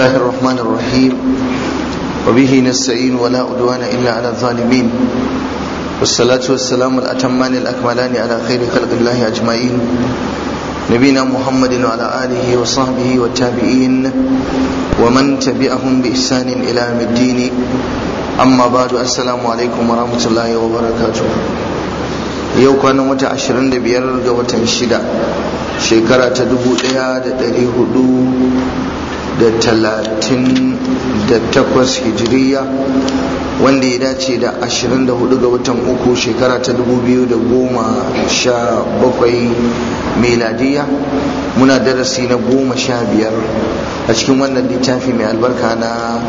الله الرحمن الرحيم وبه نستعين ولا عدوان إلا على الظالمين والصلاة والسلام الأتمان الأكملان على خير خلق الله أجمعين نبينا محمد وعلى آله وصحبه والتابعين ومن تبعهم بإحسان إلى يوم الدين أما بعد السلام عليكم ورحمة الله وبركاته yau kwanan wata 25 ga watan 6 shekara ta 1400 da talatin da takwas hijiriya wanda ya dace da ashirin da hudu ga watan uku shekara ta da goma 2017 meladiya muna darasi na goma sha biyar a cikin wannan littafi mai albarka na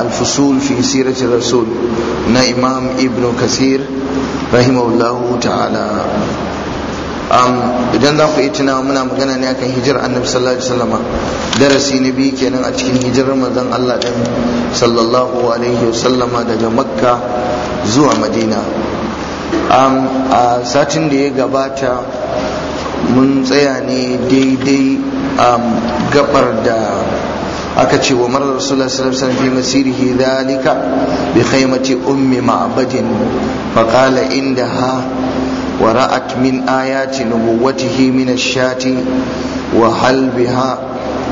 alfusul fi siratin rasul na imam ibn kasir rahimahullahu ta'ala idan za ku yi tunawa muna magana ne akan hijirar annabi sallallahu alaihi wasallam darasi na biyu kenan a cikin hijirar manzon Allah din sallallahu alaihi wasallam daga makka zuwa madina a satin da ya gabata mun tsaya ne daidai gabar da aka ce wa marar rasulullah sallallahu alaihi wasallam fi masirihi dalika bi khaymati ummi ma'badin fa qala indaha ورأت من آيات نبوته من الشاة وهل بها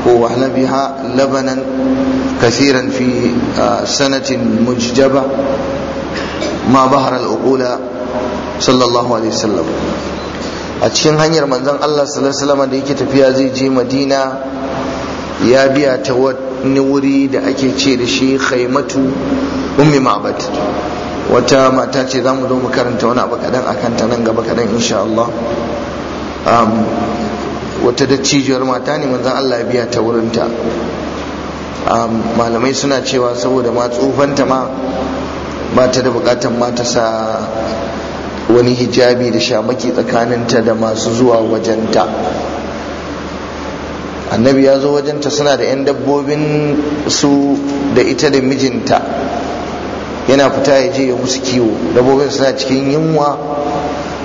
وهل بها لبنا كثيرا في سنة مججبة ما بهر الأقول صلى الله عليه وسلم a cikin hanyar manzon Allah sallallahu alaihi wasallam da yake tafiya zai je Madina ya biya ta wani wuri da ake ce da shi khaimatu ummi ma'bad wata mata ce za mu zo mu karanta wani abu kaɗan akan ta nan gaba kadan insha Allah wata cijiyar mata ne manzan Allah biya ta wurinta malamai suna cewa saboda ma tsufanta ma ba ta da bukatan ma sa wani hijabi da shamaki tsakaninta da masu zuwa wajenta annabi ya zo wajenta suna da 'yan dabbobin su da ita da mijinta yana fita ya je ya musu kiwo dabobin suna cikin yunwa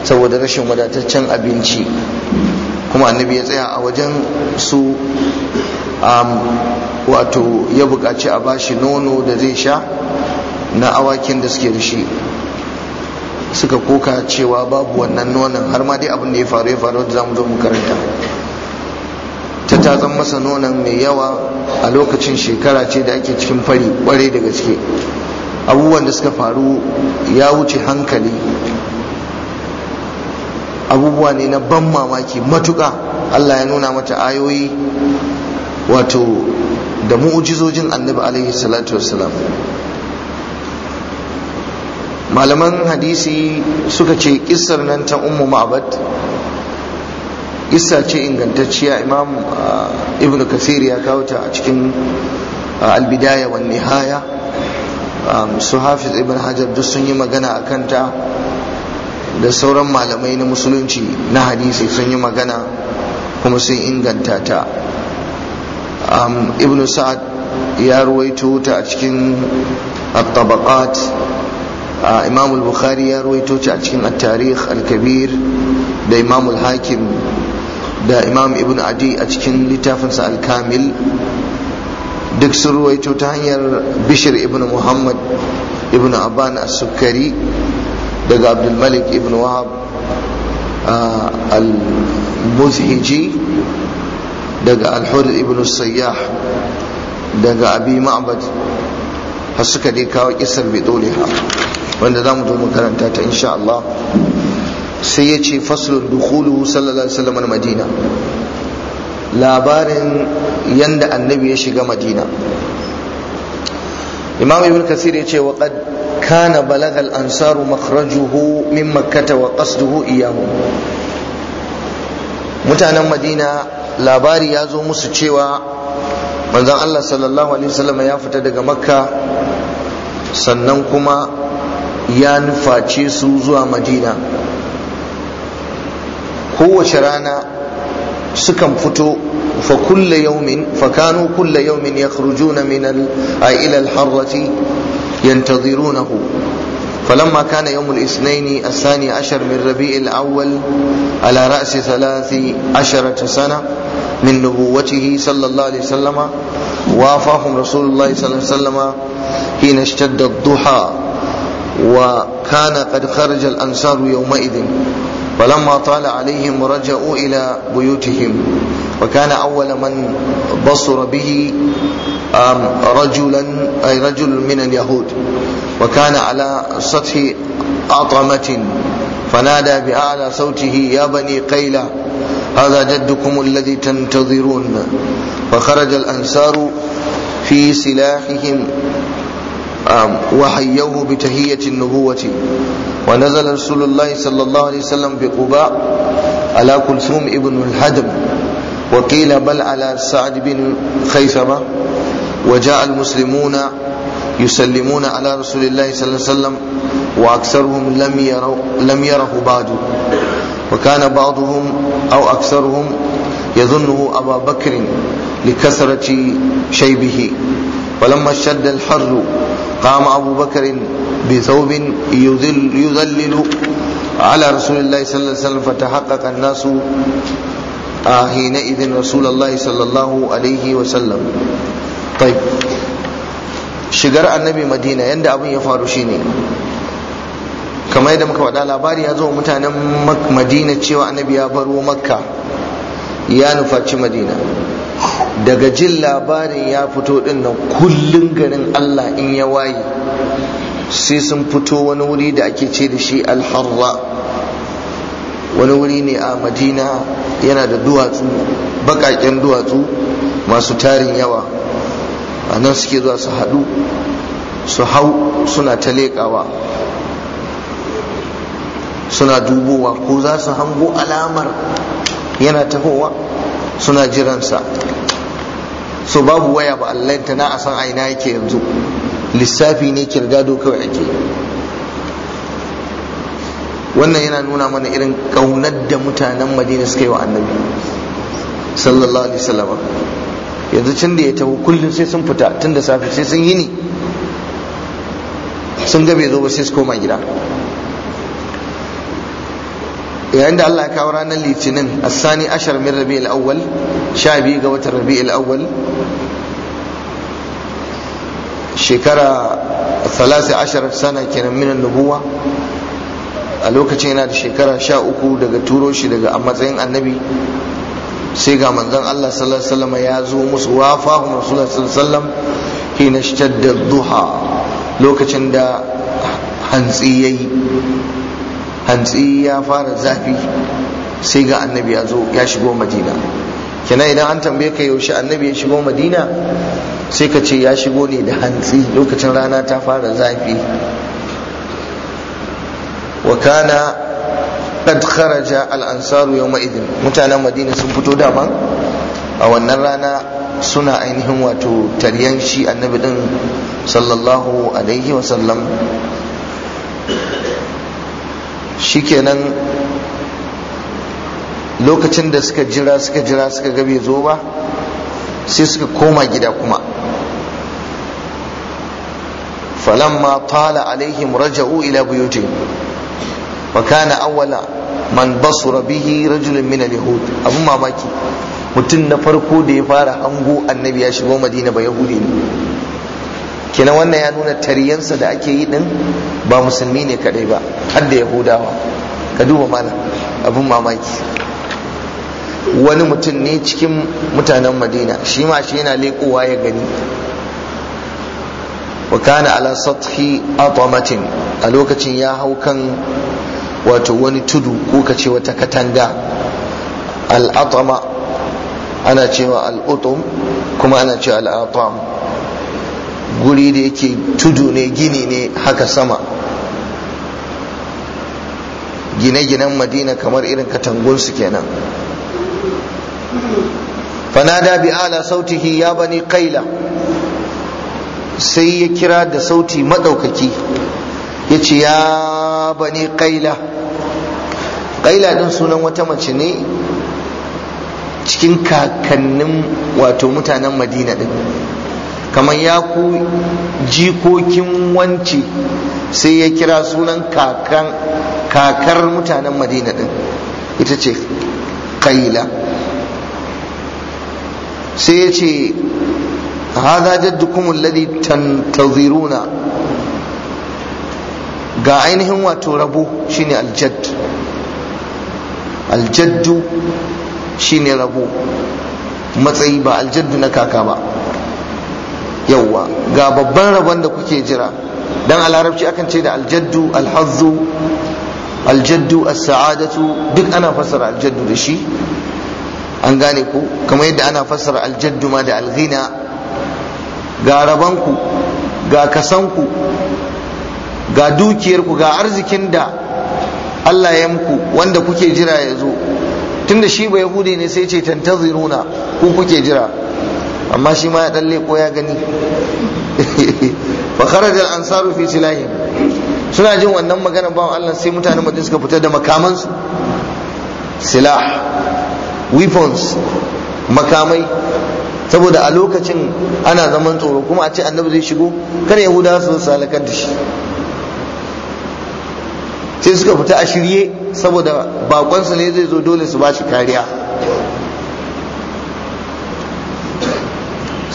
saboda rashin wadataccen abinci kuma annabi ya tsaya a wajen su um, wato ya buƙaci a bashi nono da zai sha na awakin da suke da shi suka koka cewa babu wannan nonon har ma dai abin da ya faru ya faru da zamu zo mu karanta ta tatsan masa nonon mai yawa a lokacin shekara ce da ake cikin fari kwarai da gaske abubuwan da suka faru ya wuce hankali abubuwa ne na ban mamaki matuka. Allah ya nuna mata ayoyi wato da mu'ujizojin annabi alaihi salatu wassalam malaman hadisi suka ce kissar nan ta ummu ma'bad kissa ce ingantacciya imam ah, Ibn kasir ya kawo ta a cikin ah, albidaya wa nihaya Um, su hafiz ibn hajar duk sun yi magana a kanta da sauran malamai na musulunci na hadisi sun yi magana kuma sun inganta ta um, ibn sa'ad ya ruwaito ta a cikin at-tabaqat uh, imam al-bukhari ya ruwaito ta a cikin at-tarikh al-kabir da imam al-hakim da imam ibn adi a cikin littafinsa al-kamil duk sun ruwaito ta hanyar bishir ibn muhammad ibn abban a sukkari daga abdulmalik ibn wahab ah, al-muzhiji daga al-hur ibn sayyah daga abi ma'bad har suka dai kawo kisar ha wanda za mu zo makaranta ta insha Allah sai ya ce faslun dukulu sallallahu alaihi wasallam madina labarin yanda annabi ya shiga madina imam ibn kasir ya ce wa kad kana balagal ansaru makhrajuhu min makkata wa qasduhu iyamu mutanen madina labari ya zo musu cewa manzon Allah sallallahu alaihi wasallam ya fita daga makka sannan kuma ya nuface su zuwa madina kowace rana sukan fito fa kulla yawmin fa kanu kulla yawmin yakhrujuna min al ila al harrati yantadhirunahu فلما كان يوم الاثنين الثاني عشر من ربيع الأول على رأس ثلاث عشرة سنة من نبوته صلى الله عليه وسلم وافاهم رسول الله صلى الله عليه وسلم حين اشتد الضحى وكان قد خرج الأنصار يومئذ فلما طال عليهم رجعوا إلى بيوتهم وكان أول من بصر به رجلا أي رجل من اليهود وكان على سطح أطمة فنادى بأعلى صوته يا بني قيلة هذا جدكم الذي تنتظرون فخرج الأنصار في سلاحهم وحيوه بتهية النبوة ونزل رسول الله صلى الله عليه وسلم بقباء على كلثوم ابن الهدم وقيل بل على سعد بن خيثمة وجاء المسلمون يسلمون على رسول الله صلى الله عليه وسلم وأكثرهم لم يروا لم يره بعد وكان بعضهم أو أكثرهم يظنه أبا بكر لكثرة شيبه فلما اشتد الحر قام أبو بكر بثوب يذل, يذلل على رسول الله صلى الله عليه وسلم فتحقق الناس حينئذ رسول الله صلى الله عليه وسلم طيب shigar annabi madina yadda abin ya faru shine kamar yadda muka faɗa labarin ya zo mutanen madina cewa annabi ya baro makka ya nufaci madina daga jin labarin ya fito din nan kullun garin Allah in ya waye sai sun fito wani wuri da ake ce da shi al al-harra wani wuri ne a madina yana da duwatsu bakaken duwatsu masu tarin yawa a nan suke zuwa su haɗu su hau suna ta leƙawa suna dubowa ko za su hango alamar yana tahowa suna jiransa so babu waya ba ta na a san aina ina yake yanzu lissafi ne kirgado kawai ake wannan yana nuna mana irin kaunar da mutanen madina suka yi wa annabi sallallahu alaihi wasallam yanzu can da ya taho kullum sai sun fita tun da safe sai sun yi ni, sun ga bai zo ba sai su koma gida yayin da Allah ya kawo ranar litinin asani ashar min rabi'il awwal sha biyu ga watan rabi'il awwal shekara salasi ashar sana kenan minan nubuwa a lokacin yana da shekara sha uku daga turo shi daga a matsayin annabi sai ga manzon Allah sallallahu alaihi wasallam ya zo musu wafahum rasulullah sallallahu alaihi wasallam hina shtadda duha lokacin da hantsi yayi hantsi ya fara zafi sai ga annabi ya zo ya shigo madina kina idan an tambaye ka yaushe annabi ya shigo madina sai ka ce ya shigo ne da hantsi lokacin rana ta fara zafi wa kana qad kharaja al ansaru yawma idin mutanen madina sun fito daban a wannan rana suna ainihin wato taryan shi annabi din sallallahu alaihi wa sallam shikenan lokacin da suka jira suka jira suka ga bai zo ba sai suka koma gida kuma falamma tala alaihim raja'u ila buyutihim wa kana awwala man basura bihi rajulun min al-yahud abun mamaki mutum na farko da ya fara hango annabi ya shigo madina ba yahudi ne kina wannan ya nuna tariyansa da ake yi din ba musulmi ne kadai ba har da yahudawa ka duba mana abin mamaki wani mutum ne cikin mutanen madina shi ma shi yana leƙowa ya gani wa kana ala sathi atamatin a lokacin ya hau kan wato wani tudu ko kace wata katanga al-atama ana cewa al-utum kuma ana cewa al-atam guri da yake tudu ne gini ne haka sama gine-ginen madina kamar irin katangunsu kenan fanada bi ala sautihi ya bani kaila sai ya kira da sauti maɗaukaki ya ce ya bani kaila kaila ɗin sunan wata mace ne cikin kakannin wato mutanen madina ɗin kamar ya ku jikokin wanci sai ya kira sunan kakar mutanen madina din ita ce kaila sai ya ce haza jaddukum alladhi tantaziruna ga ainihin wato rabo shine aljadd aljaddu shine rabo matsayi ba aljaddu na kaka ba yawwa ga babban rabon da kuke jira dan a larabci akan ce da aljaddu alhazzu aljaddu as-sa'adatu duk ana fassara aljaddu da shi an gane ku kamar yadda ana fassara aljaddu ma da alghina ga rabon ku ga kasan ku ga dukiyar ku ga arzikin da Allah ya muku wanda kuke jira ya zo tunda shi ba yahudi ne sai ce tantaziruna ku kuke jira amma shi ma ya dan leko ya gani fa ansa al-ansaru fi silahim suna jin wannan magana ba Allah sai mutane Madina suka fita da makaman su silah weapons makamai saboda a lokacin ana zaman tsoro kuma a ce annabi zai shigo kada yahuda su salakar da shi sai suka fita a shirye saboda bakon su ne zai zo dole su ba shi kariya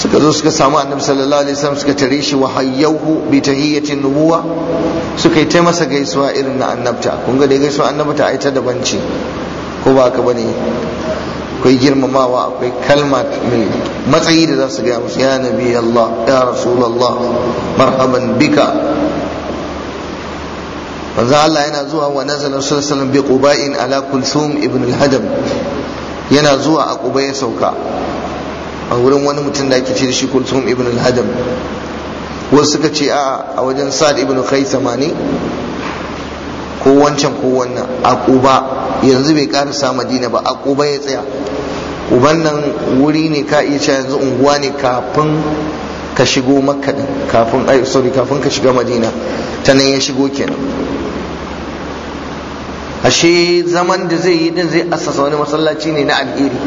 suka zo suka samu annabi sallallahu alaihi wasallam suka tare shi wa hayyahu bi tahiyyatin nubuwa suka yi ta gaisuwa irin na annabta kun ga dai gaisuwa annabta ai aita da banci ko ba ka bane akwai girmamawa akwai kalma mai matsayi da za su gaya musu ya nabi Allah ya rasulullah marhaban bika manzo Allah yana zuwa wa nazala sallallahu alaihi bi quba'in ala kulsum ibn al-hadam yana zuwa a quba ya sauka a wurin wani mutum da ake ce da shi kultum ibn al-hadam wasu suka ce a a wajen sa'ad ibn khaisama ne ko wancan ko wannan a yanzu bai karasa madina ba a ya tsaya uban nan wuri ne ka iya cewa yanzu unguwa ne kafin ka shigo makka kafin ai sorry kafin ka shiga madina ta nan ya shigo kenan ashe zaman da zai yi din zai assasa wani masallaci ne na alheri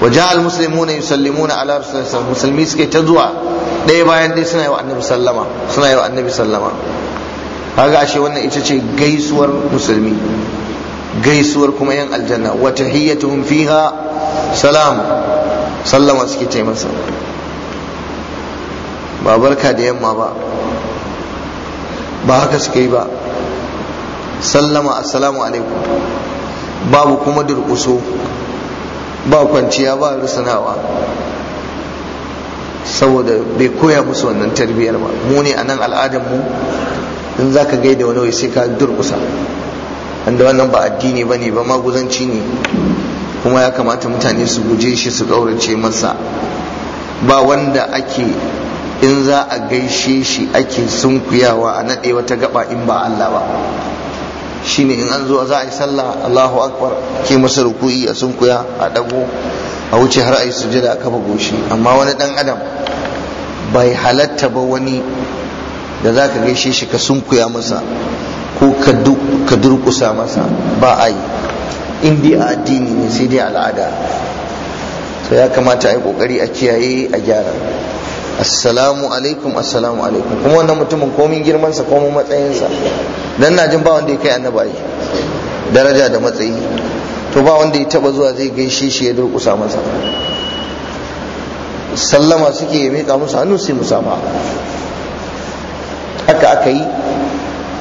wa ja'al muslimuna yusallimuna ala rasulillah musulmi suke ta zuwa ɗaya bayan ɗaya suna yi wa annabi sallama suna yi wa annabi sallama kaga ashe wannan ita ce gaisuwar musulmi gaisuwar kuma yan aljanna wa tahiyyatuhum fiha salam sallama suke ta masa ba barka da yamma ba ba haka suke yi ba sallama assalamu alaikum babu kuma durƙuso ba kwanciya ba rusunawa saboda bai koya musu wannan tarbiyyar ba mu ne a nan al'adar mu in za ka gaida wani wai sai ka durkusa wanda wannan ba addini ba ne ba maguzanci ne kuma ya kamata mutane su guje shi su ƙaurace masa ba wanda ake in za a gaishe shi ake sunkuyawa a naɗe wata gaba in ba Allah ba shine in an zo za a yi sallah Allahu akbar ke masa ruku'i a sunkuya a dago a wuce har a yi sujada a kafa goshi amma wani dan adam bai halatta ba wani da za ka gaishe shi ka sunkuya masa ko ka durkusa masa ba a yi in dai a addini ne sai dai al'ada to ya kamata a yi kokari a kiyaye a gyara assalamu alaikum assalamu alaikum kuma wannan mutumin komin girmansa komin matsayinsa dan na jin ba wanda ya kai daraja da matsayi to ba wanda ya taba zuwa zai gaishe shi ya durkusa masa sallama suke ya miƙa musu hannu sai musama haka aka yi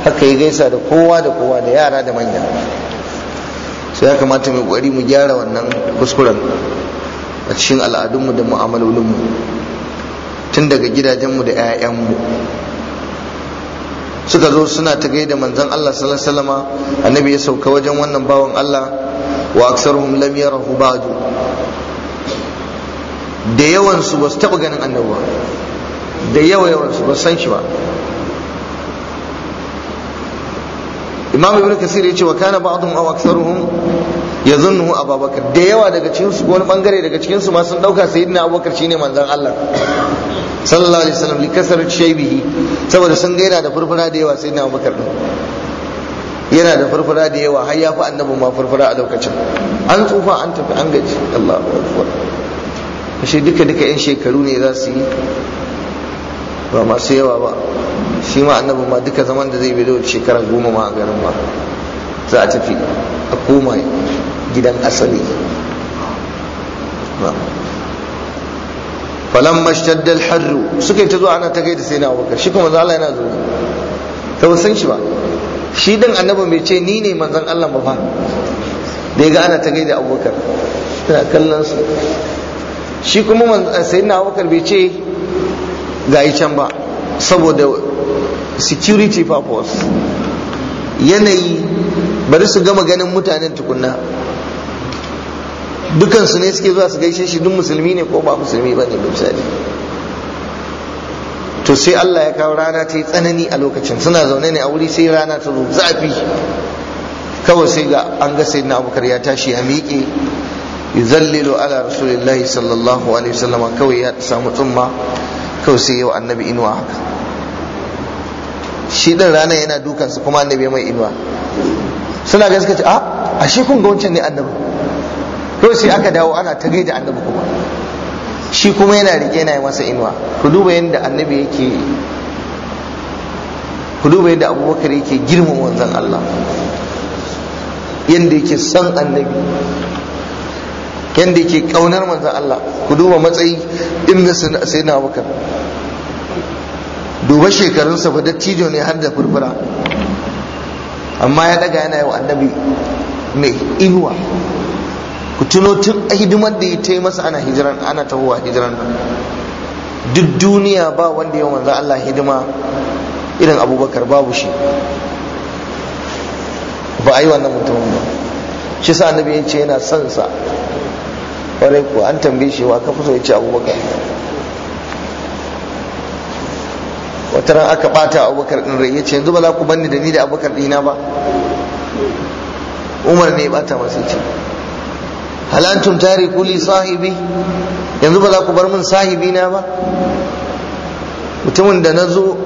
haka yi gaisa da kowa da kowa da yara da manya sai ya kamata mu ƙwari mu gyara wannan kuskuren a cikin al'adunmu da mu'amalolinmu tun daga gidajenmu da 'ya'yanmu suka zo suna ta gaida manzon Allah sallallahu alaihi wasallama annabi ya sauka wajen wannan bawan Allah wa aksaruhum lam yarahu ba'du da yawan su ba su taba ganin annabi da yawa yawan su ba san shi ba imam ibn kasir ya ce wa kana ba'dhum aw aktsaruhum ya zunnu Babakar. da yawa daga cikin su wani bangare daga cikin su ma sun dauka sayyidina abubakar shine manzon Allah sallallahu alaihi wasallam li kasar shaybihi saboda sun ga yana da furfura da yawa sayyidina abubakar din yana da furfura da yawa har ya fi annabi ma furfura a lokacin an tsufa an tafi an gaji Allahu akbar ashe duka duka yan shekaru ne za su yi ba masu yawa ba shi ma annabi ma duka zaman da zai bi da shekara goma ma a garin ma za a tafi a koma gidan asali falan mashtaddal harru suka yi ta zuwa ana ta gaida sai na abubakar shi kuma zala yana zuwa ta san shi ba shi dan annabi mai ce ni ne manzan Allah ba fa da ya ga ana ta gaida abubakar tana kallon su shi kuma eh, sai na abubakar bai ce ga yi can ba saboda security purpose yanayi bari su gama ganin mutanen tukunna dukansu ne suke zuwa su gaishe shi duk musulmi ne ko ba musulmi ba ne misali to sai Allah ya kawo rana ta yi tsanani a lokacin suna zaune ne a wuri sai rana ta zo zafi kawai sai ga an ga sayyidina abubakar ya tashi ya miƙe yuzallilu ala rasulillahi sallallahu alaihi wasallam kawai ya samu tsumma kawai sai yau annabi inuwa haka shi din rana yana su kuma annabi mai inuwa suna ce a ah, ashe kun ga wancan ne annabi to sai aka dawo ana ta gaida annabi kuma shi kuma yana rike yana masa inuwa ku duba yadda annabi yake ku duba yadda abubakar yake girmama wanzan Allah yadda yake son annabi yadda yake kaunar manzan Allah ku duba matsayi inda sai na abubakar duba shekarunsa fa dattijo ne har da furfura amma ya daga yana yi wa annabi mai inuwa ku tuno tun hidimar da ya ta masa ana hijiran ana tahowa hijiran duk duniya ba wanda yawan manzan Allah hidima irin abubakar babu shi ba a yi wannan mutumin ba shi sa annabi ya ce yana son sa ƙwarai ko an tambaye shi wa kafa so ya ce abubakar wata ran aka bata abubakar din rai ya ce yanzu ba za ku banni da ni da abubakar dina ba umar ne ya bata masa ce hal antum kuli sahibi yanzu ba za ku bar min sahibi na ba mutumin da na zo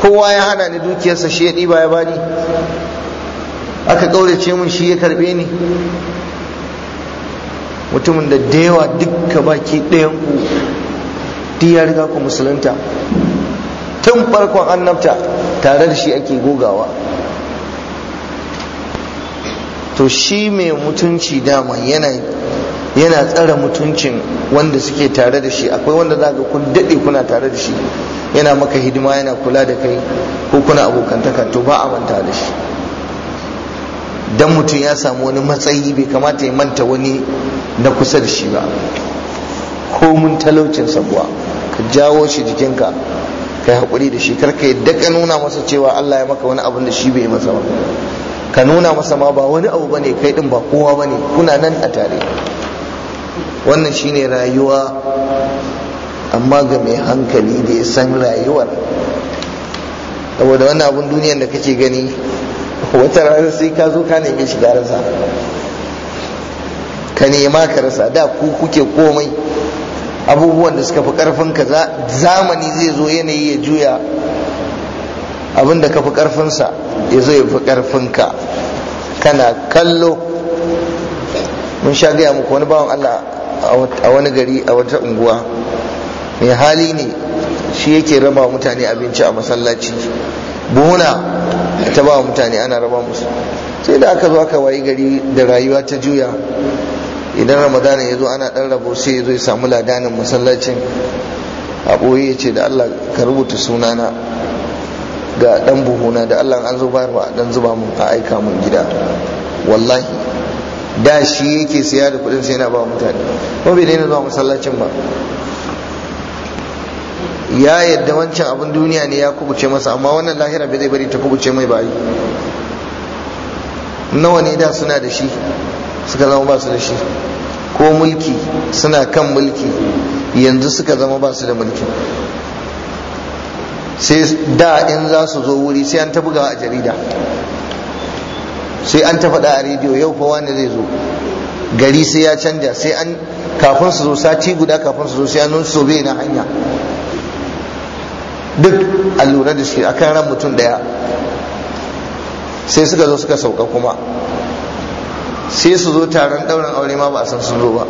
kowa ya hana ni dukiyarsa shi ya ɗiba ya bani aka ƙaurace mun shi ya karɓe ni mutumin da da yawa dukka baki ɗayan ku duk ya riga ku musulunta tun farkon annabta tare da shi ake gogawa to shi mai mutunci dama yana yana tsara mutuncin wanda suke tare da shi akwai wanda za ga kun daɗe kuna tare da shi yana maka hidima yana kula da kai ko kuna abokantaka to ba a manta da shi dan mutum ya samu wani matsayi bai kamata ya manta wani na kusa da shi ba ko mun talaucin sabuwa ka jawo shi jikinka kai haƙuri da shi karka ka yadda ka nuna masa cewa Allah ya maka wani abin da shi bai masa ba ka nuna masa ma ba wani abu bane kai din ba kowa bane kuna nan a tare wannan shine rayuwa amma ga mai hankali da ya san rayuwar saboda wannan abun duniyar da kake gani wata rana sai ka zo ka neme shiga rasa ka nema ka rasa da ku kuke komai abubuwan da suka fi karfin ka zamani zai zo yanayi ya juya abin da ka fi ƙarfinsa ya zai fi ƙarfinka kana kallo mun sha gaya muku wani bawan Allah a wani gari a wata unguwa mai hali ne shi yake raba mutane abinci a masallaci buhuna ta ba mutane ana raba musu sai da aka zo aka wayi gari da rayuwa ta juya idan ramadana ya zo ana dan rabo sai ya zo ya samu ladanin masallacin a ɓoye ya ce da Allah ka rubuta sunana ga dan buhuna da Allah an zubar wa dan zuba mun a aika mun gida wallahi da shi yake siya da kudin sai yana ba mutane ko bai daina zuwa masallacin ba ya yadda wancan abin duniya ne ya kubuce masa amma wannan lahira bai zai bari ta kubuce mai bayi nawa ne da suna da shi suka zama ba su da shi ko mulki suna kan mulki yanzu suka zama ba su da mulki sai da in za su zo wuri sai an tafi gawa a jarida sai an tafi a rediyo yau fa wani zai zo gari sai ya canja sai an kafin su zo sati guda kafin su zo sai an nunsu zobe na hanya duk allura da shi akan ran mutum daya sai suka zo suka sauka kuma sai su zo taron ɗaurin aure ma ba a san su zo ba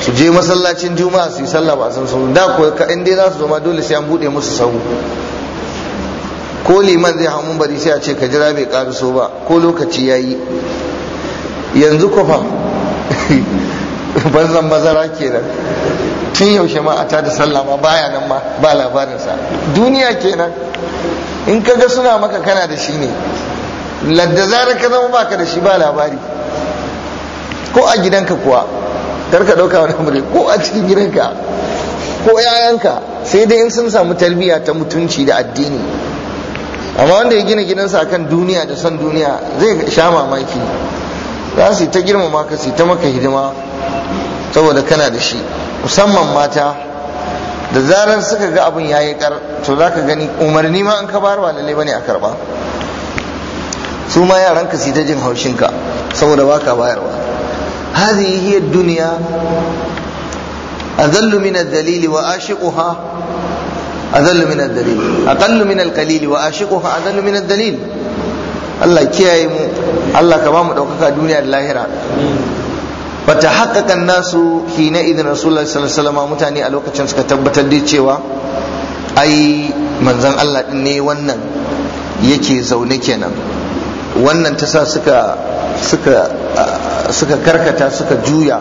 su je masallacin juma'a su yi sallah ba san sun da ko ka dai za su zama dole sai an bude musu sahu ko liman zai hamun bari sai a ce ka jira bai karaso ba ko lokaci yayi yanzu ko fa banzan mazara kenan tun yaushe ma a ta da sallah ma baya nan ma ba labarinsa duniya kenan in kaga suna maka kana da shi ne ladda zarar ka zama baka da shi ba labari ko a gidanka kuwa kar ka dauka wani amuri ko a cikin gidanka ko yayanka sai dai in sun samu tarbiyya ta mutunci da addini amma wanda ya gina gidansa akan duniya da son duniya zai sha mamaki za su ta girmama ka su ta maka hidima saboda kana da shi musamman mata da zarar suka ga abin yi kar to za ka gani umarni ma an ka bar ba lalle bane a karba su ma yaranka su ta jin haushinka saboda baka bayarwa هذه هي الدنيا أذل من الذليل وآشقها أذل من الذليل أقل من القليل وآشقها أذل من الذليل الله كياي مو الله كبام دوكاكا دنيا اللاهرة فتحقق الناس حينئذ رسول الله صلى الله عليه وسلم متاني ألوكا تشنسكا تبتا دي تشيوا أي manzon Allah ne wannan yake zaune kenan wannan ta sa suka suka karkata suka juya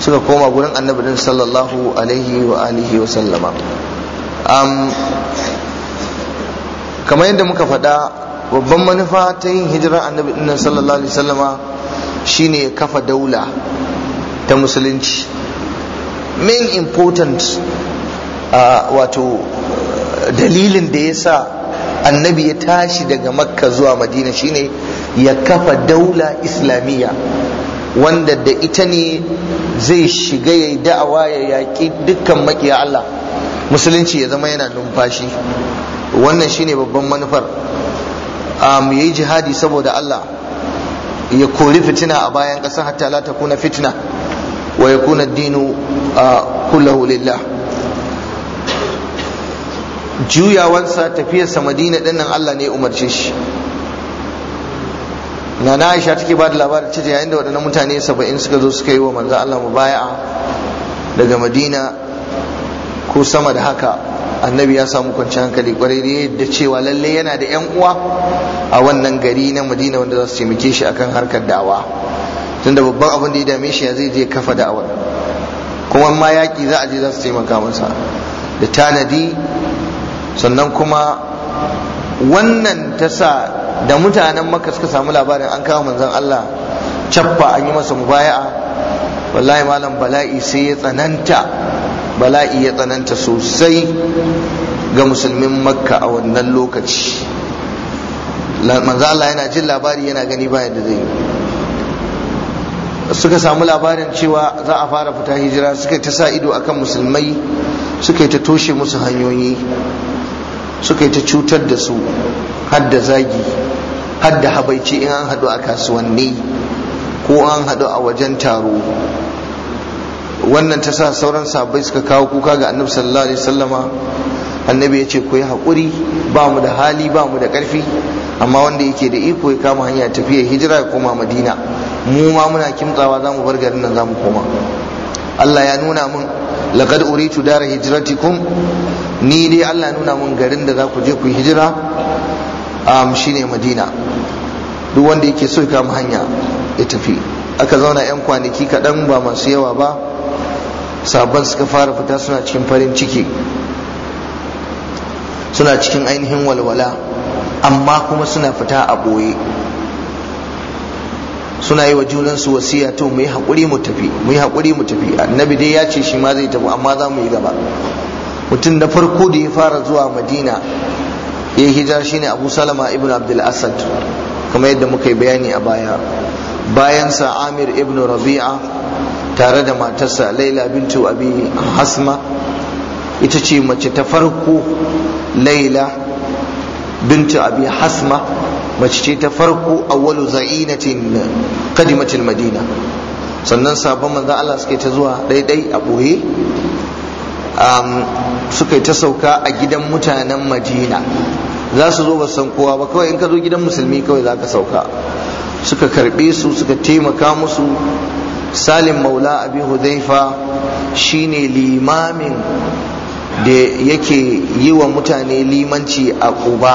suka koma gurin annabi din sallallahu alaihi wa alihi wa sallama kamar yadda muka faɗa babban manufa ta yin hijirar annabi din sallallahu alaihi wa sallama shine kafa daula ta musulunci main important wato dalilin da ya sa annabi ya tashi daga makka zuwa madina shine ya kafa daula islamiyya wanda da ita ne zai shiga ya yi da'awa ya yaƙi dukkan makiya Allah musulunci ya zama yana numfashi wannan shine babban manufar ya yi jihadi saboda Allah ya kori fitina a bayan ƙasa hatta la ta kuna fitina wa ya kuna dinu a kullahu lillah juyawansa tafiyarsa madina ɗinnan Allah ne ya umarce shi na na aisha take ba da labarin cewa yayin da waɗannan mutane saba'in suka zo suka yi wa manzo Allah mubaya'a daga madina ko sama da haka annabi ya samu kwanciyar hankali kwarai da cewa lalle yana da yan uwa a wannan gari na madina wanda za su taimake shi akan harkar da'awa tunda babban abin da ya dame shi ya zai je kafa da'awar kuma ma yaƙi za a je za su taimaka masa da tanadi sannan kuma wannan ta sa da mutanen makka suka samu labarin an kawo manzon Allah cappa an yi masa mubaya'a wallahi malam bala'i sai ya tsananta bala'i ya tsananta sosai ga musulmin makka a wannan lokaci manzo Allah yana jin labari yana gani ba da zai suka samu labarin cewa za a fara fita hijira suka ta sa ido akan musulmai suka ta toshe musu hanyoyi suka ta cutar da su har da zagi Hadda habaici in an haɗu a kasuwanni ko an haɗu a wajen taro wannan ta sa sauran sabbai suka kawo kuka ga annabi sallallahu alaihi wasallama annabi ya ce ku yi haƙuri ba mu da hali ba mu da ƙarfi amma wanda yake da iko ya kama hanya tafiya hijira ya koma madina mu ma muna kimtsawa za mu bar garin nan za mu koma Allah ya nuna mun laqad uritu dara hijratikum ni dai Allah nuna mun garin da za ku je ku hijira um, ne madina duk wanda yake so ya kama hanya ya tafi aka zauna 'yan kwanaki kaɗan ba masu yawa ba sabon suka fara fita suna cikin farin ciki suna cikin ainihin walwala amma kuma suna fita a ɓoye suna yi wa junansu wasiya to mu yi haƙuri mu tafi mu yi haƙuri mu tafi annabi dai ya ce shi ma zai tafi amma za mu yi gaba mutum na farko da ya fara zuwa madina ya eh, yi hijira shine abu salama ibn abdul asad kuma yadda muka yi bayani a baya bayansa amir ibn rabi'a tare da matarsa laila bintu abi hasma ita ce mace ta farko laila bintu abi hasma mace ce ta farko awwalu za'inatin qadimatil madina sannan sabon manzon Allah suke ta zuwa daidai a boye Um, suka yi ta sauka a gidan mutanen madina za su zo ba san kowa ba kawai in ka zo gidan musulmi kawai za ka sauka suka karbe su suka taimaka musu salim maula abin shi shine limamin da yake yi wa mutane limanci a kuba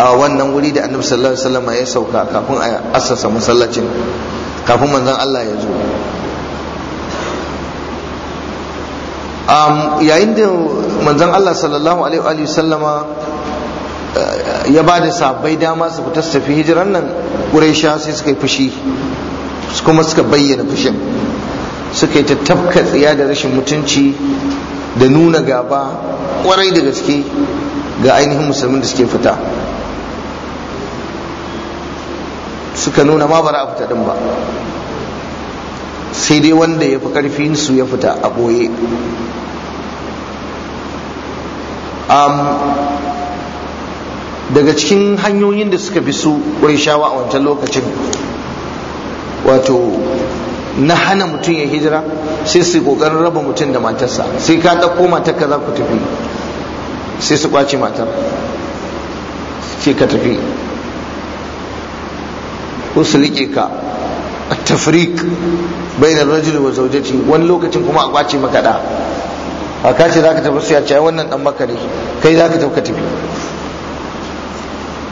a wannan wuri da annabi sallallahu alaihi ya sauka kafin a asasa masallacin kafin manzon Allah ya zo Um, yayin da manzon Allah sallallahu alaihi sallama uh, ya ba da sabai dama su fita su tafi hijiran nan ƙuraisha sai suka yi fushi kuma suka bayyana fushin suka yi ta tafka tsiya da rashin mutunci da nuna gaba kwarai da gaske ga ainihin musulmin da suke fita suka nuna ma bara a fita din ba sai dai wanda ya fi karfin su ya fita a boye daga cikin hanyoyin da suka fi su shawa a wancan lokacin wato na hana mutum ya hijira sai su kokarin raba mutum da matarsa sai ka ɗauko matar ka za ku tafi sai su kwace matar sai ka tafi ko su liƙe ka tafrik bainar rajuli wa zaujati wani lokacin kuma a kwace maka da a kace za ka tafi sai a ce wannan dan maka ne kai za ka tafi ka tafi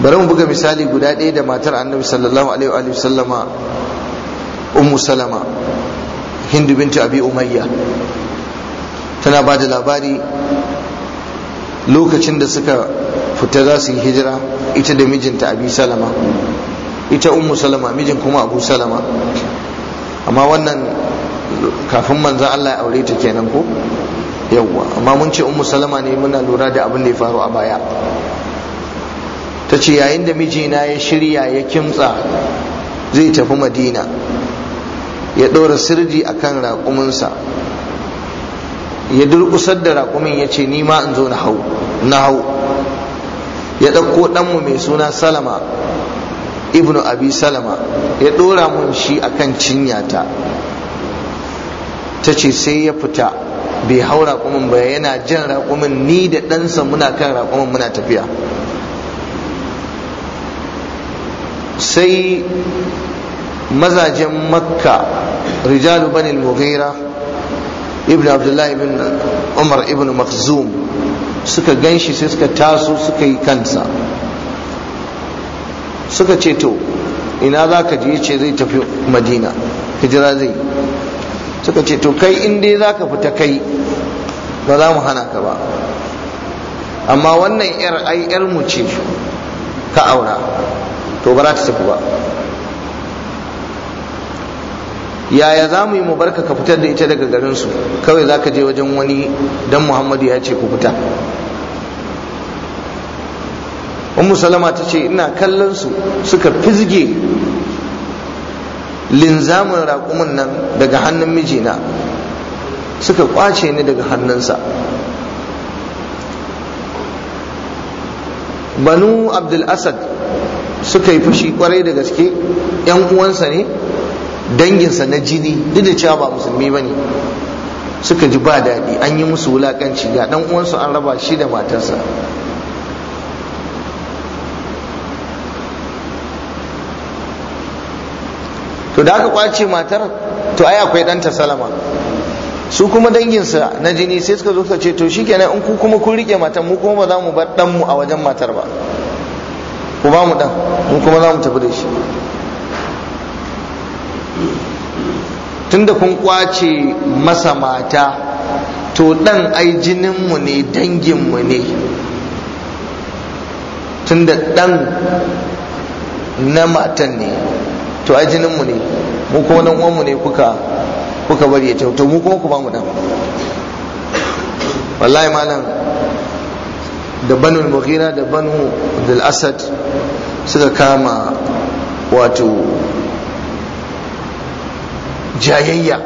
bari mu buga misali guda ɗaya da matar annabi sallallahu alaihi wa sallama ummu salama hindu bintu abi umayya tana ba da labari lokacin da suka fita za su yi hijira ita da mijinta abi salama ita ummu salama mijin kuma abu salama amma wannan kafin manzan Allah ya aure ta kenan ko yawwa amma mun ce ummu salama ne muna lura da abin da ya faru a baya ta ce yayin da mijina ya shirya ya kimtsa zai tafi madina ya ɗora sirji a kan raƙuminsa ya durƙusar da raƙumin ya ce nima in zo na hau ya ɗauko ɗanmu mai suna salama ibn abi salama ya dora mun shi akan cinya ta ce sai ya fita bai hau raƙumin ba yana jan raƙumin ni da ɗansa muna kan raƙumin muna tafiya sai mazajen makka rijalu banil mughira ibn abdullahi ibn umar ibn makhzum suka ganshi sai suka taso suka yi kansa suka ce to ina za ka je ce zai tafi madina hijira zai suka ce to kai in dai za ka fita kai ba za mu hana ka ba amma wannan yar ai yar mu ce ka aura to ba za ta tafi ba yaya za mu yi mu barka ka fitar da ita daga garinsu kawai za ka je wajen wani dan muhammadu ya ce ku fita ummu salama ta ce ina kallon su suka fizge linzamin raƙumin nan daga hannun mijina suka kwace ni daga hannunsa banu abdul asad suka yi fushi kwarai da gaske yan uwansa ne danginsa na jini duk da cewa ba musulmi ba ne suka ji ba daɗi an yi musu wulaƙanci ga ɗan uwansu an raba shi da matarsa to da aka kwace matar to ai akwai ɗanta salama su kuma danginsa na jini sai suka zo suka ce to shikenan in ku kuma kun rike matan mu kuma ba za mu bar ɗanmu a wajen matar ba ku ba mu ɗan in kuma za mu tafi da shi tunda kun kwace masa mata to ɗan ai jininmu ne danginmu ne tunda ɗan na matan ne to ai jinin mu ne mu ko nan uwan mu ne kuka kuka bari ya to mu kuma ku ba mu dan wallahi malam da banu mughira da banu abdul asad suka kama wato jayayya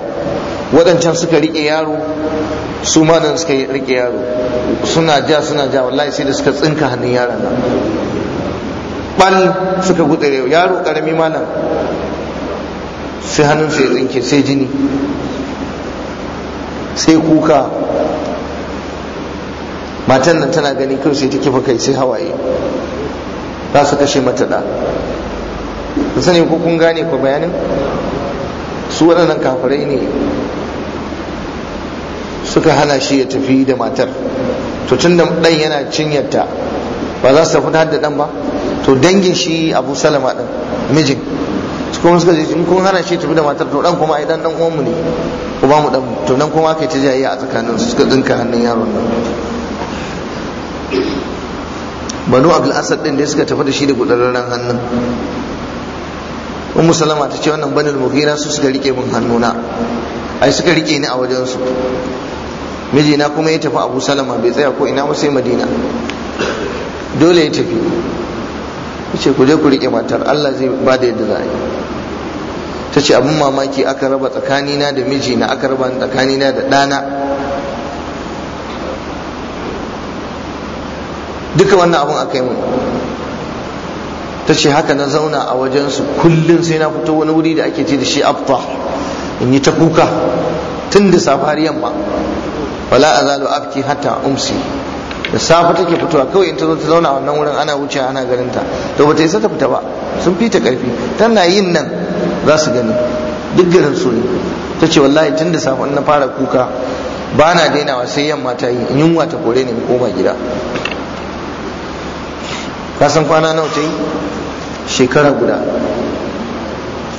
waɗancan suka riƙe yaro su ma nan suka riƙe yaro suna ja suna ja wallahi sai da suka tsinka hannun yaron nan bal suka yau, yaro karami malam sai hannunsa ya tsinke sai jini sai kuka matan nan tana gani kawai sai ta kifa kai sai hawaye za su kashe mata da sani ko kun gane ku bayanin su waɗannan kafirai ne suka hana shi ya tafi da matar to tun da ɗan yana cinyarta ba za su tafi da ɗan ba to dangin shi abu salama din mijin kuma suka ce in kun hana shi tafi da matar to dan kuma idan dan uwanmu ne ko ba mu dan to nan kuma kai ta jayayya a tsakanin su suka dinka hannun yaron nan banu abdul asad din da suka tafi da shi da gudararren hannun ummu salama ta ce wannan banil mughira su suka rike min hannuna ai suka rike ni a wajen su mijina kuma ya tafi abu salama bai tsaya ko ina ba sai madina dole ya tafi yace ku je ku rike matar Allah zai ba da yadda za a yi ta ce abin mamaki aka raba tsakanina da mijina aka raba tsakanina da ɗana duka wannan abin aka yi mun ta ce haka na zauna a wajensu kullum sai na fito wani wuri da ake ce da shi abta in yi ta kuka tun da safariyan ba wala azalu abki hatta umsi da safe take fitowa kawai in ta zo ta zauna a wannan wurin ana wuce ana ganin ta to bata isa ta fita ba sun fita karfi tana yin nan za su gani duk garin su ne ta ce wallahi tun da safe na fara kuka ba na dainawa sai yamma ta yi in yunwa ta kore ne in koma gida ka san kwana nawa ta yi shekara guda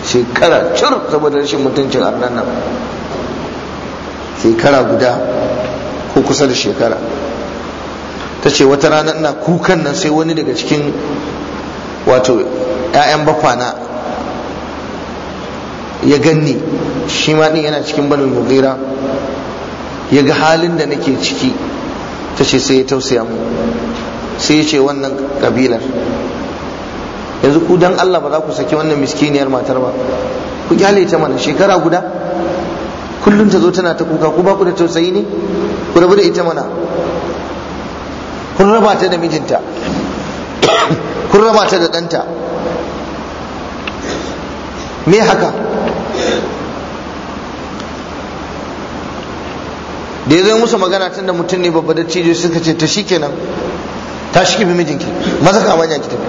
shekara cur saboda rashin mutuncin annan nan shekara guda ko kusa da shekara ta ce wata rana ina kukan nan sai wani daga cikin wato 'ya'yan bafana ya ganni shi ma din yana cikin banin mugira ya ga halin da nake ciki ta ce sai ya tausaya mu sai ya ce wannan kabilar yanzu ku dan Allah ba za ku saki wannan miskiniyar matar ba ku kyale ta mana shekara guda kullum ta zo tana ta kuka ku ba ku da tausayi ne ku rabu da ita mana kun raba ta da mijinta kun raba ta da ɗanta me haka da ya zai musu magana tun da mutum ne babba da cijo suka ce ta shikenan ta shi kifi mijinki maza ka wajen ki tafi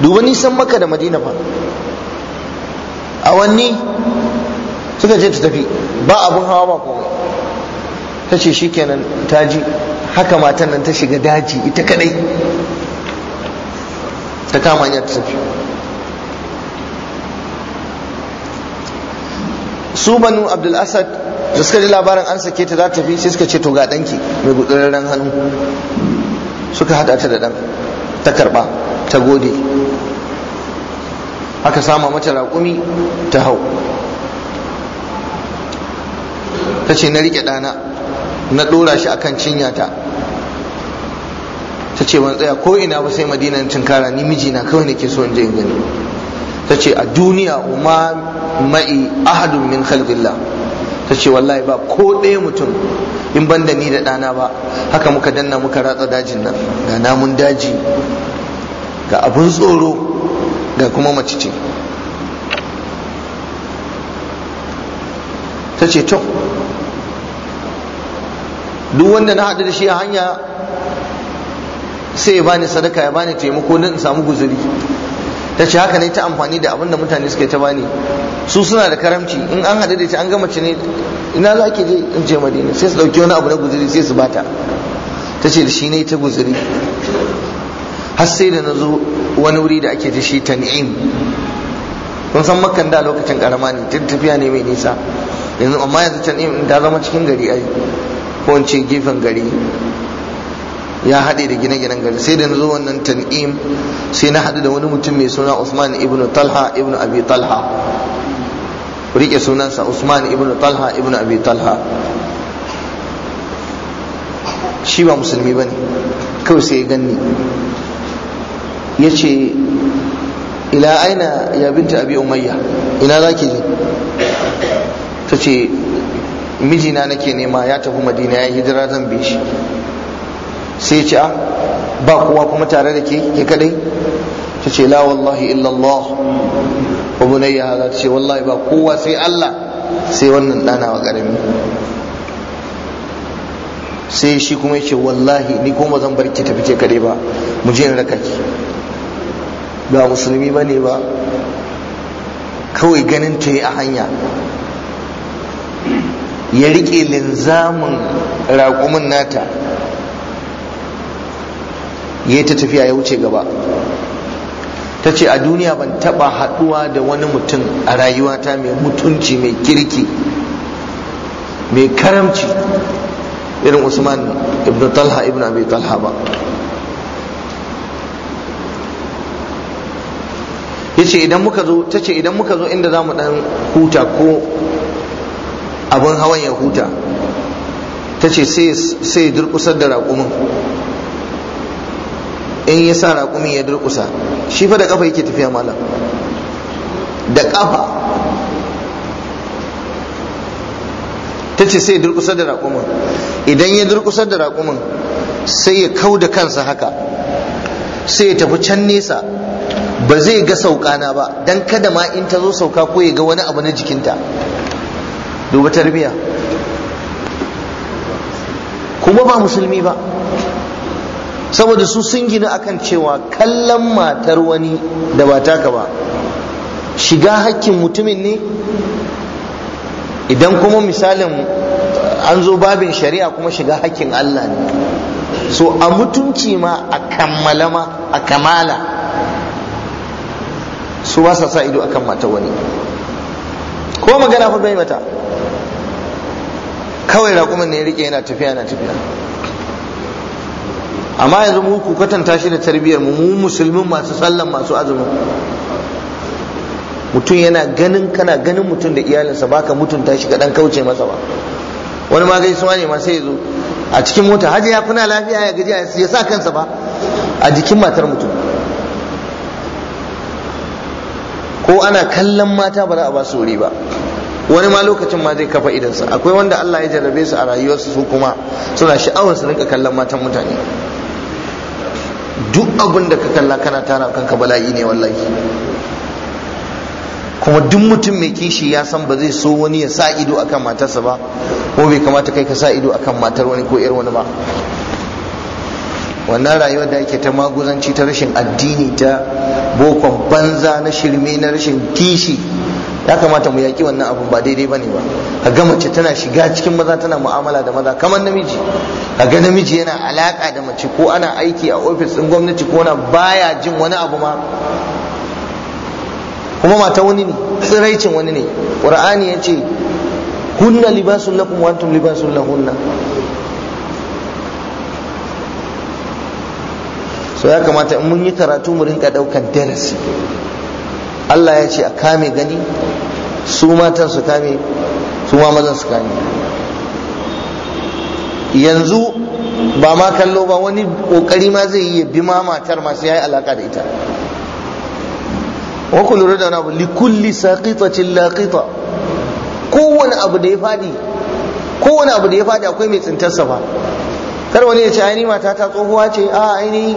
duba nisan maka da madina a awanni suka ce ta tafi ba abin hawa ba komai ta ce shikenan ta ji haka matan nan ta shiga daji ita kadai ta kama hanyar ta tafi su banu abdul asad da suka ji labarin an sake ta za ta tafi sai suka ce to ga danki mai gudurarren hannu suka hada ta da dan ta karba ta gode aka sama mata raƙumi ta hau ta ce na rike ɗana na ɗora shi akan cinya ta Ta ce ban tsaya ko ina ba sai madina kara ni mijina kawai nake so in je in gani ta ce a duniya umma ma'i ahadun min khalqillah ta ce wallahi ba ko ɗaya mutum in ban da ni da ɗana ba haka muka danna muka ratsa dajin nan ga namun daji ga abin tsoro ga kuma mace ce ta ce to duk wanda na haɗu da shi a hanya sai ya bani sadaka ya bani taimako don in samu guzuri ta ce haka ne ta amfani da abin da mutane suka ta bani su suna da karamci in an haɗu da ita an gama ci ne ina za ke je in je madina sai su ɗauki wani abu na guzuri sai su bata ta ce da shi ne ta guzuri har sai da na zo wani wuri da ake da shi tan'im kun san makkan da lokacin karama ne tafiya ne mai nisa yanzu amma yanzu tan'im ta zama cikin gari ai ko ce gefen gari ya haɗe da gine-ginen gari sai da na zo wannan tan'im sai na haɗu da wani mutum mai suna usman ibn talha ibn abi talha rike sunansa usman ibn talha ibn abi talha shi ba musulmi ba ne kawai sai ya ganni ya ce ila aina ya binta abi umayya ina za ki je ta ce mijina nake nema ya tafi madina ya hijira zan bi shi sai ce a ah, ba kowa kuma tare da ke ke kadai ta ce la wallahi illallah wa bunayya hada ta ce wallahi ba kowa sai Allah sai wannan dana wa karami sai shi kuma ya ce wallahi ni kuma zan bar ki tafi ke kadai ba mu je in raka ki ba musulmi bane ba kawai ganin ta yi a hanya ya rike linzamin raƙumin nata ya ta tafiya ya wuce gaba ta ce a duniya ban taɓa haɗuwa da wani mutum a rayuwata mai mutunci mai kirki mai karamci irin usman ibn talha ibn abi talha ba Ta idan tace idan muka zo inda zamu ɗan huta ko abin hawan ya huta ta ce sai ya durkusar da raƙumin in ya sa raƙumin ya durkusa shi fa da ƙafa yake tafiya malam da ƙafa ta ce sai ya durkusar da raƙumin idan ya durkusar da raƙumin sai ya kau da kansa haka sai ya tafi can nesa ba zai ga saukana ba don kada ma in ta zo sauka ko ya ga wani abu na jikinta duba tarbiya kuma ba musulmi ba saboda su sun gina akan cewa kallon matar wani da ba taka ba shiga hakkin mutumin ne idan kuma misalin uh, an zo babin shari'a kuma shiga hakkin Allah ne so a mutunci ma a kammala ma a kamala su ba sa sa ido akan matar wani ko magana fa bai mata kawai raƙumin ne ya rike yana tafiya na tafiya amma yanzu mu ku kwatanta shi da tarbiyyar mu mu musulmin masu sallan masu azumin mutum yana ganin kana ganin mutum da iyalinsa baka mutunta shi kaɗan kauce masa ba wani ma gaisuwa ne ma sai a cikin mota hajiya kuna lafiya ya gaji ya sa kansa ba a jikin matar mutum ko ana kallon mata ba za a ba su wuri ba wani ma lokacin ma zai kafa sa, akwai wanda Allah ya jarrabe su a rayuwarsu su kuma suna sha'awar su rinka kallon matan mutane duk abin da ka kalla kana tara kanka bala'i ne wallahi kuma duk mutum mai kishi ya san ba zai so wani ya sa ido akan matarsa ba ko bai kamata kai ka sa ido akan matar wani ko yar wani ba wannan rayuwar da yake ta maguzanci ta rashin addini ta bokon banza na shirme na rashin kishi ya kamata mu yaƙi wannan abu ba daidai bane ba kaga mace tana shiga cikin maza tana mu'amala da maza kamar namiji kaga namiji yana alaka da mace ko ana aiki a ofis din gwamnati ko na baya jin wani abu ma kuma mata wani ne tsiraicin wani ne qur'ani ce kunna libasun lakum wa antum libasun lahunna so ya kamata in mun yi karatu mu rinka daukan darasi Allah ya ce a kame gani su matan su kame su ma mazan su kame yanzu ba ma kallo ba wani kokari ma zai yi bi ma matar masu yayi alaka da ita wa kullu da abu li kulli saqitatin laqita kowane abu da ya fadi kowane abu da ya fadi akwai mai tsintarsa fa. kar wani ya ce ai ni mata ta tsohuwa ce a aini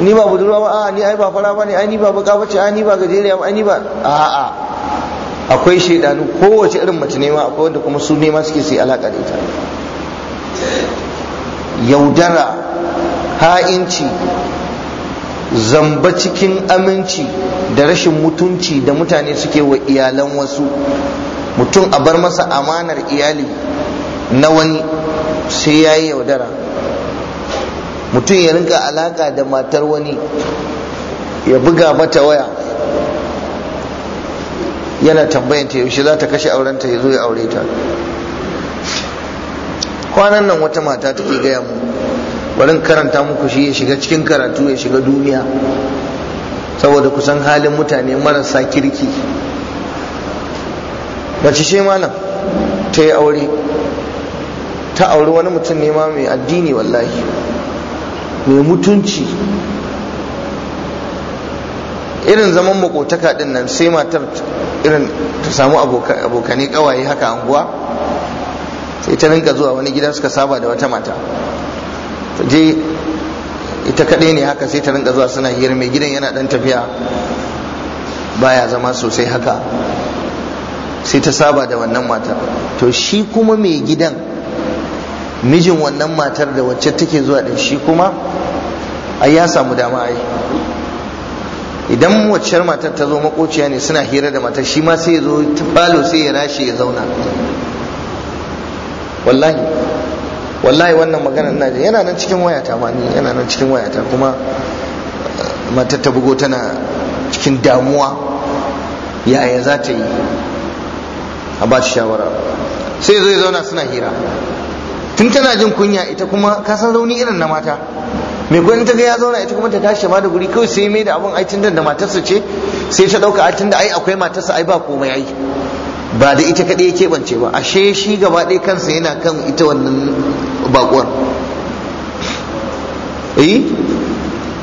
ni ba budurwa ba a ni ai ba fara bane ai ni ba buka bace ai ni ba gajeriya ba ni ba a a akwai shaidanu kowace irin mace ne ma akwai wanda kuma su ne suke sai alaka da ita yaudara ha'inci zamba cikin aminci da rashin mutunci da mutane suke wa iyalan wasu mutum a bar masa amanar iyali na wani sai ya yi yaudara mutum ya rinka alaka da matar wani ya buga mata waya yana tambayan ta yaushe za ta kashe aurenta ya zo ya aure ta kwanan nan wata mata take gaya mu barin karanta muku shi ya shiga cikin karatu ya shiga duniya saboda kusan halin mutane marasa kirki mace malam ta yi aure ta auri wani mutum ne ma mai addini wallahi mai mutunci irin zaman makotaka din nan sai matar irin ta samu abokanai kawaye haka anguwa sai ta rinka zuwa wani gida suka saba da wata mata ta je ita kaɗai ne haka sai ta rinka zuwa suna hira mai gidan yana ɗan tafiya baya zama sosai haka sai ta saba da wannan mata to shi kuma mai gidan mijin wannan matar da wacce take zuwa din shi kuma ai ya samu dama ai idan waccar matar ta zo makociya ne suna hira da matar shi ma sai ya zo falo sai ya rashi ya zauna wallahi wallahi wannan magana ina ji yana nan cikin wayata ma ni yana nan cikin wayata kuma eh, matar ta bugo tana cikin damuwa yaya za ta yi a ba shi shawara sai zai zauna suna hira tun tana jin kunya ita kuma ka san rauni irin na mata mai gwan ta ga ya zauna ita kuma ta tashi ma da guri kawai sai mai da abun ai tun da matarsa ce sai ta dauka ai tun da ai akwai matarsa ai ba komai ai ba da ita kadai ya keɓance ba ashe shi gaba ɗaya kansa yana kan ita wannan bakuwar eh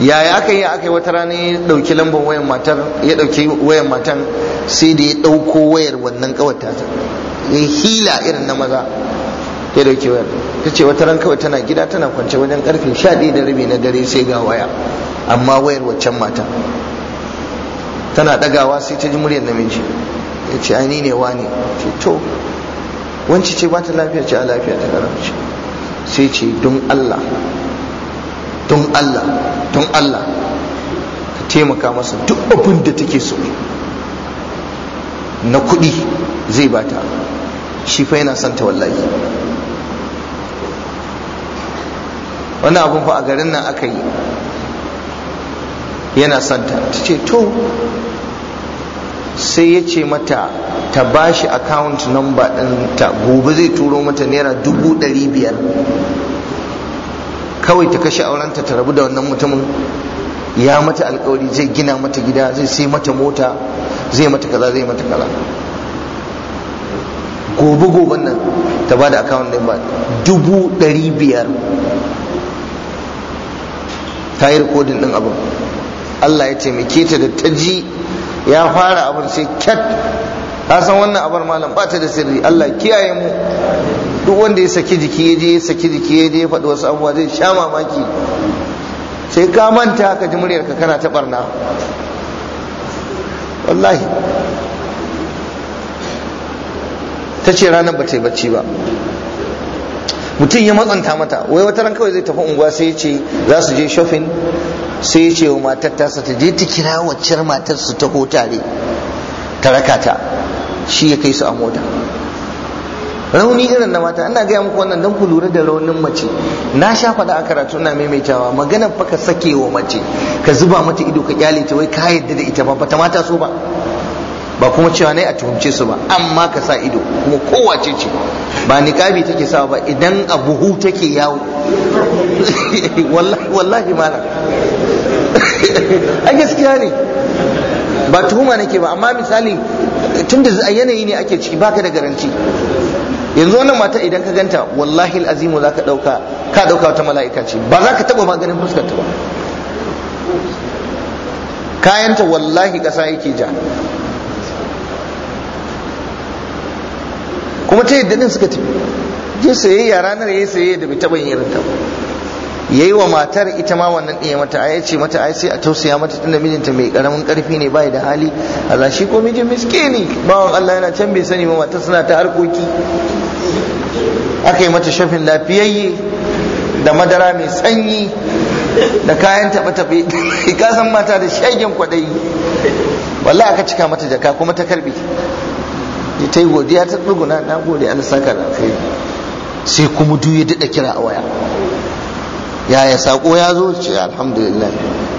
yaya aka yi aka yi wata rana ya ɗauki lambar wayar matar ya ɗauki wayar matan sai da ya ɗauko wayar wannan ƙawar ta hila irin na maza ya dauke wayar ta ce wata ran kawai tana gida tana kwance wajen karfe sha ɗaya da rabi na dare sai ga waya amma wayar waccan mata tana ɗagawa sai ta ji muryar namiji ya ce ai ni ne wani ce to wancan ce ba ta lafiya ce a lafiya ta karamci sai ce don Allah don Allah don Allah ka taimaka masa duk abin da take so na kuɗi zai bata shi fa yana son ta wallahi Wani abun fa a garin nan aka yi yana santa ta ce to sai ya ce mata ta ba shi account number ta gobe zai turo mata naira dubu ɗari biyar kawai ta kashe aurenta ta rabu da wannan mutumin ya mata alkawari zai gina mata gida zai sai mata mota zai mata kaza zai mata kaza gobe goben nan ta ba da account number dubu ɗari biyar ta yi rikodin ɗin abin Allah ya taimake ta da ta ji ya fara abin sai kyat ta san wannan abar malam ba ta da sirri Allah kiyaye mu duk wanda ya saki jiki ya je ya saki jiki ya je ya faɗi wasu abubuwa zai sha mamaki sai ka manta ka ji muryar ka kana ta barna wallahi ta ce ranar ba ta yi bacci ba mutum ya matsanta mata wai wata ran kawai zai tafi unguwa sai ya ce za su je shopping sai ya ce wa matar ta je ta kira waccar matar su ta tare ta raka shi ya kai su a mota rauni irin na mata ana gaya muku wannan don ku lura da raunin mace na sha faɗa a karatu ina maimaitawa magana fa ka sake wa mace ka zuba mata ido ka kyale ta wai ka yadda da ita ba ta mata so ba ba kuma cewa ne a tuhumce su ba amma ka sa ido kuma kowace ce ba niqabi take sawa ba idan a buhu take yawo wallahi mala a gaskiya ne ba tuhuma nake ba amma misali tunda a yanayi ne ake ciki baka da garanti yanzu wannan mata idan ka ganta wallahi al'azimu za ka ɗauka ka ɗauka wata mala'ika ce ba za ka taɓa maganin fuskarta ba kayanta wallahi ƙasa yake ja kuma ta yadda din suka tafi je sayayya ranar yayi sayayya da bai taɓa yin irin ta ba yayi wa matar ita ma wannan ɗaya mata ai ce mata ai sai a tausaya mata tunda mijinta mai karamin karfi ne bai da hali Allah shi ko mijin miskini bawan Allah yana can bai sani ma matar suna ta harkoki aka yi mata shafin lafiyayye da madara mai sanyi da kayan taɓe-taɓe ka san mata da shagen kwaɗayi wallahi aka cika mata jaka kuma ta karbi ta yi godiya ta tsuguna na gode an saka da kai sai kuma duk ya daɗa kira a waya yaya sako ya zo ce alhamdulillah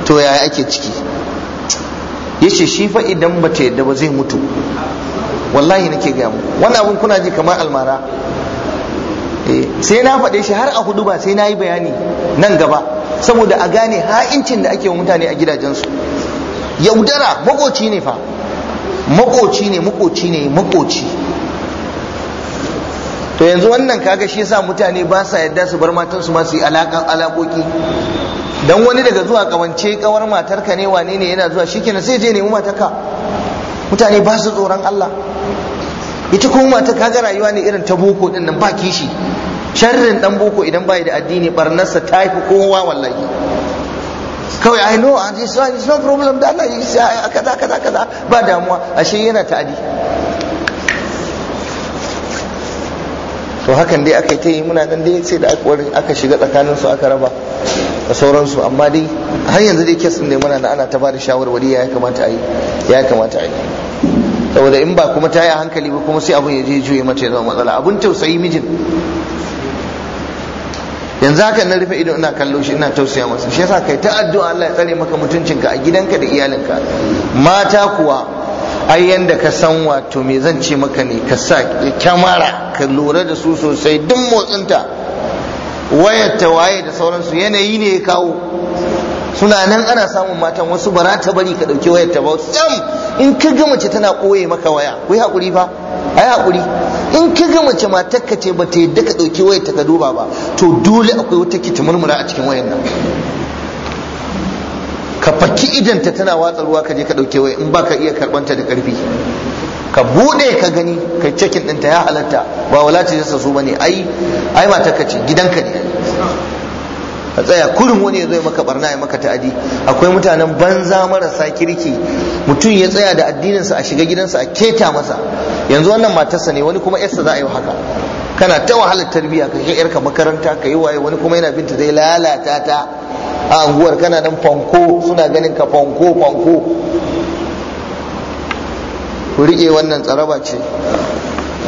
to yaya ake ciki ya ce shi fa idan ba ta yadda ba zai mutu wallahi nake gaya muku wannan abun kuna ji kamar almara eh, sai na faɗe shi har a hudu ba sai na yi bayani nan gaba saboda a gane ha'incin da ake wa mutane a gidajensu yaudara makoci ne fa makoci ne makoci ne makoci to yanzu wannan kaga shi yasa mutane ba sa yadda su bar matansu ma su yi alakoki dan wani daga zuwa kawance kawar matarka ne wane ne yana zuwa shikenan sai je nemi matarka mutane ba su tsoron Allah ita kuma mata kaga rayuwa ne irin ta boko din ba kishi sharrin dan boko idan bai da addini barnarsa ta fi kowa wallahi kawai i know and it's, it's no problem da Allah yi kaza kaza kaza ba damuwa ashe yana ta'adi to hakan dai aka yi ta yi muna nan dai sai da aka shiga tsakanin su aka raba da sauransu amma dai har yanzu dai kesin ne muna ana ta bada shawarwari ya kamata a yi ya kamata a yi saboda in ba kuma ta yi hankali ba kuma sai abun ya je juye mata ya zama matsala abun tausayi mijin yanzu haka na rufe ido ina kallo shi ina tausaya masa shi yasa kai ta addu'a Allah ya tsare maka mutuncinka a gidanka da iyalinka mata kuwa ai yanda ka san wato me zan ce maka ne ka sa kyamara ka lura da su sosai duk motsinta wayar ta waye da sauransu yanayi ne ya kawo suna nan ana samun matan wasu ba za ta bari ka ɗauki wayar ta ba sam in ka ga mace tana ɓoye maka waya ku yi hakuri fa ai hakuri. in ka ga mace matarka ce ba ta yadda ka ɗauki wayar ta ka duba ba to dole akwai wata ta murmura a cikin wayan nan ka fakki idanta tana watsa ruwa ka je ka ɗauke waya in ba ka iya karɓanta da ƙarfi ka buɗe ka gani ka cekin ɗinta ya halatta ba wala ce yasa su bane ai ai matakka ce gidanka ne a tsaya kurin wani ya zo ya maka barna ya maka ta'adi akwai mutanen banza marasa kirki mutum ya tsaya da addininsa a shiga gidansa a keta masa yanzu wannan matarsa ne wani kuma yarsa za a yi haka kana ta wahalar tarbiyya ka kai yarka makaranta ka yi waye wani kuma yana binta zai lalata ta a anguwar kana nan fanko suna ganin ka fanko fanko ku wannan tsaraba ce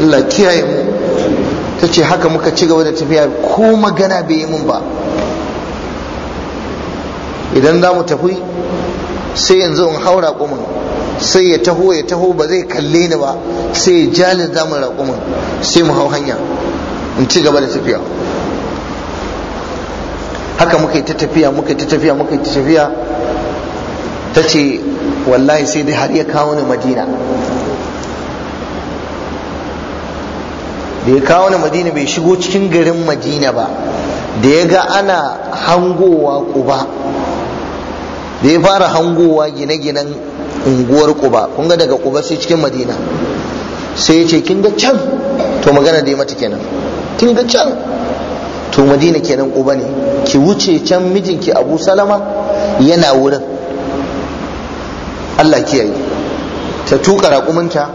Allah kiyaye mu ta ce haka muka ci gaba da tafiya ko magana bai yi mun ba idan za mu tafi sai yanzu in haura kuma sai ya taho ya taho ba zai kalle ni ba sai ya za mu raƙumin sai mu hau hanya in ci gaba da tafiya haka muka yi ta tafiya muka yi ta tafiya muka yi ta tafiya ta ce wallahi sai dai har ya kawo ni madina da ya kawo ni madina bai shigo cikin garin madina ba da ya ga ana hangowa ku ba. da ya fara hangowa gine-ginen unguwar kuba kun ga daga kuba sai cikin madina sai ya ce kin ga can to magana da ya mata kenan kin ga can to madina kenan kuba ne ki wuce can mijinki abu salama yana wurin allah kiyaye ta tuka raƙumanta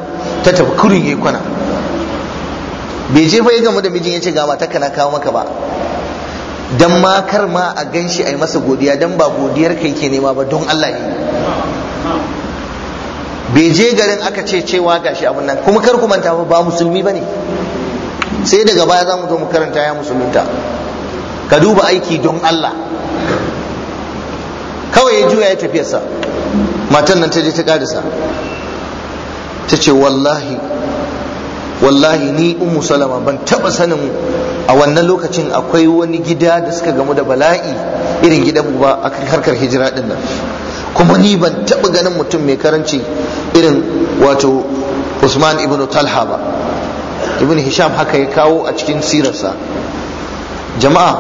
ta tafi kurin ya kwana bai je fa ya gamu da mijin ya ce ga matakka na kawo maka ba dan ma kar ma a gan shi a yi masa godiya dan ba godiyar kai ke nema ba don Allah ne bai je garin aka ce cewa gashi abin nan kuma kar ku manta ba musulmi bane sai daga baya za mu zo mu karanta ya musulunta ka duba aiki don Allah kawai ya juya ya tafiyarsa matan nan ta je ta karisa ta ce wallahi wallahi ni ummu salama ban taba sanin a wannan lokacin akwai wani gida da suka gamu da bala'i irin gidan ba a harkar hijira din nan kuma ni ban taɓa ganin mutum mai karanci irin wato usman ibn talha ba ibn hisham haka ya kawo a cikin sirarsa jama'a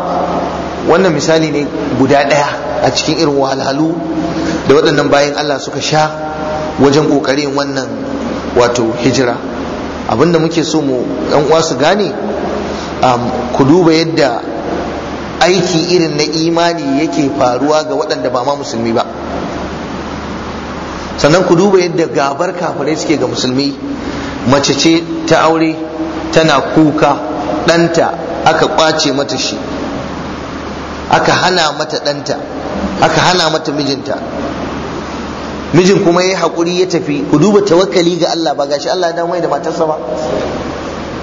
wannan misali ne guda ɗaya a cikin irin wahalhalu da waɗannan bayan allah suka sha wajen ƙoƙarin wannan wato hijira abinda muke so mu ɗan uwa su gane ku duba yadda aiki irin na imani yake faruwa ga waɗanda ba ma musulmi ba sannan ku duba yadda gabar kafirai suke ga musulmi mace ce ta aure tana kuka ɗanta aka ƙwace mata shi aka hana mata ɗanta aka hana mata mijinta mijin kuma ya yi haƙuri ya tafi ku duba tawakkali ga Allah ba gashi Allah ya dawo mai da matarsa ba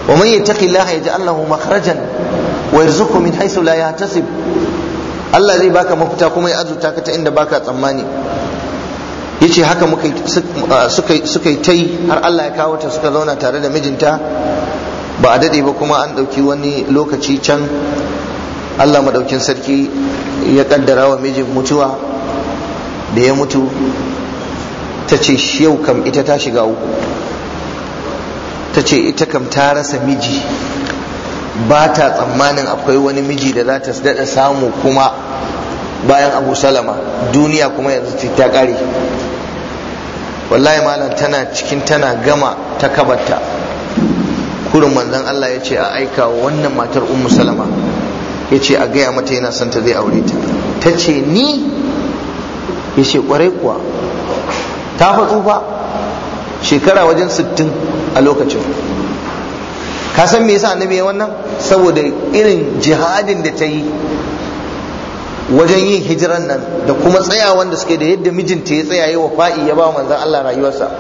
wa man yattaqillaha yaj'al lahu makhrajan wa yarzuqhu min haythu la yahtasib Allah zai baka mafita kuma ya azurta ka ta inda baka tsammani yace haka muka suka suka tai har Allah ya kawo ta suka zauna tare da mijinta ba a dade ba kuma an dauki wani lokaci can Allah madaukin sarki ya kaddara wa mijin mutuwa da ya mutu ta ce yau kam ita ta shiga uku ta ce ita kam ta rasa miji ba ta tsammanin akwai wani miji da za ta daɗa samu kuma bayan abu salama duniya kuma yanzu ta kare. wallahi malam tana cikin tana gama ta kabarta kurin manzon Allah ya ce a aika wannan matar ummu salama ya ce a gaya mata yana son ta zai aure ta ta ce ni ya ce kwarai kuwa ta fa tsufa shekara wajen 60 a lokacin ka san me yasa annabi ya wannan saboda irin jihadin da ta yi wajen yin hijiran nan da kuma tsayawan da suke da yadda mijinta ya tsaya yi fa'i ya ba manzan Allah rayuwarsa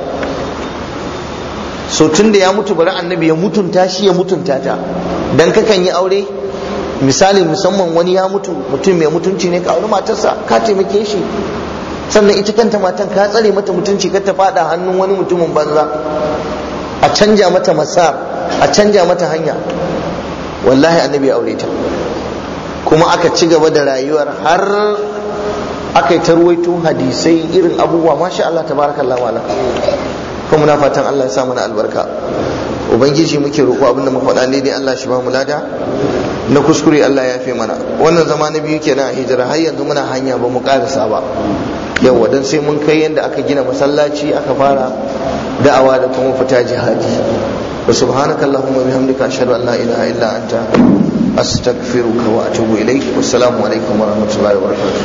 so tun da ya mutu bari annabi ya mutunta shi ya mutunta ta dan kakan yi aure misali musamman wani ya mutu mutum mai mutunci ne ka auri matarsa ka taimake shi sannan ita kanta matan ka tsare mata mutunci ka ta fada hannun wani mutumin banza a canja mata masar a canja mata hanya wallahi annabi aure ta kuma aka ci gaba da rayuwar har aka yi tarwaito hadisai irin abubuwa masha Allah tabarakallah wala kuma muna fatan Allah ya sa mana albarka ubangiji muke roƙo abinda muka faɗa ne Allah shi ba mu lada na kuskure Allah ya fi mana wannan zama na biyu kenan a hijira har yanzu muna hanya ba mu ƙarasa ba yawa don sai mun kai yadda aka gina masallaci aka fara da'awa da kuma fita jihadi wa subhanaka allahumma bihamdika ashhadu an la ilaha illa anta astaghfiruka wa atubu ilaik wassalamu alaikum wa rahmatullahi wa barakatuh